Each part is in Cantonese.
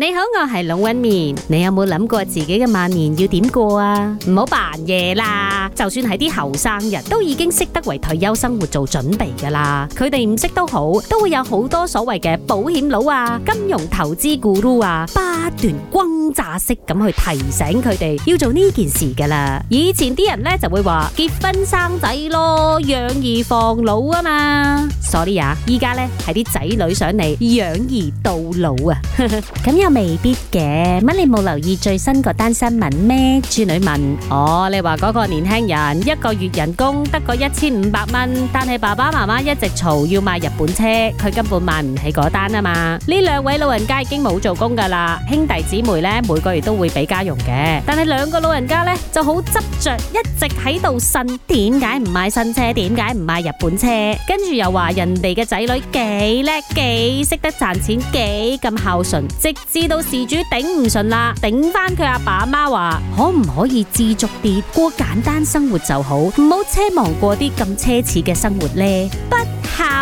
你好，我係龍紋敏。你有冇諗過自己嘅晚年要點過啊？唔好扮嘢啦，就算係啲後生人都已經識得為退休生活做準備噶啦。佢哋唔識都好，都會有好多所謂嘅保險佬啊、金融投資 guru 啊，不斷轟炸式咁去提醒佢哋要做呢件事噶啦。以前啲人呢就會話結婚生仔咯，養兒防老啊嘛。所以啊，依家咧係啲仔女想你養兒到老啊。咁 又未必嘅，乜你冇留意最新嗰單新聞咩？朱女問，哦，你話嗰個年輕人一個月人工得個一千五百蚊，但係爸爸媽媽一直嘈要買日本車，佢根本買唔起嗰單啊嘛。呢兩位老人家已經冇做工噶啦，兄弟姊妹咧每個月都會俾家用嘅，但係兩個老人家咧就好執着，一直喺度呻，點解唔買新車？點解唔買日本車？跟住又話人哋嘅仔女幾叻，幾識得賺錢，幾咁孝。直至到事主頂唔順啦，頂翻佢阿爸阿媽話，可唔可以知足啲，過簡單生活就好，唔好奢望過啲咁奢侈嘅生活呢？不。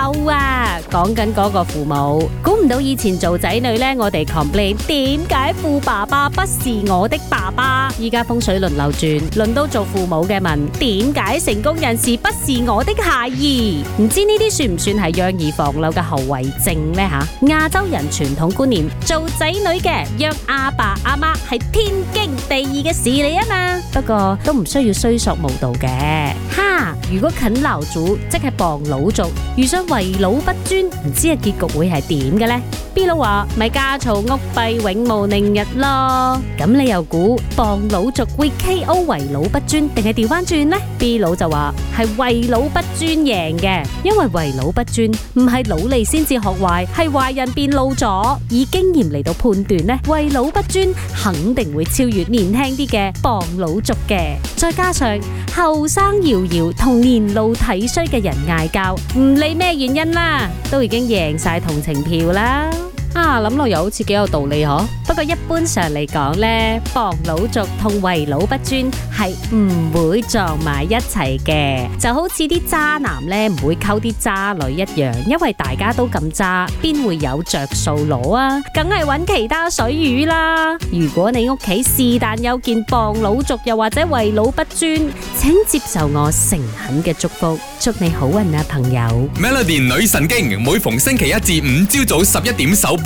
哦、啊，講緊嗰個父母，估唔到以前做仔女呢，我哋 complain 點解富爸爸不是我的爸爸？依家風水輪流轉，輪到做父母嘅問，點解成功人士不是我的孩兒？唔知呢啲算唔算係養兒防老嘅後遺症呢？吓、啊，亞洲人傳統觀念，做仔女嘅約阿爸阿媽係天經地義嘅事嚟啊嘛，不過都唔需要衰索無道嘅。哈，如果啃老族即係傍老族，遇上為老不尊，唔知啊結局會係點嘅咧？B 佬話：咪家嘈屋閉，永無寧日咯！咁你又估傍老族會 K.O. 為老不尊，定係調翻轉呢？B 佬就話係為老不尊贏嘅，因為為老不尊唔係努力先至學壞，係壞人變老咗。以經驗嚟到判斷呢。為老不尊肯定會超越年輕啲嘅傍老族嘅，再加上後生搖搖同年老體衰嘅人嗌交，唔理咩原因啦，都已經贏晒同情票啦。啊諗落又好似幾有道理呵，不過一般上嚟講咧，傍老族同為老不尊係唔會撞埋一齊嘅，就好似啲渣男咧，唔會溝啲渣女一樣，因為大家都咁渣，邊會有着數攞啊？梗係揾其他水魚啦！如果你屋企是但有件傍老族又或者為老不尊，請接受我誠懇嘅祝福，祝你好運啊，朋友！Melody 女神經每逢星期一至五朝早十一點首播。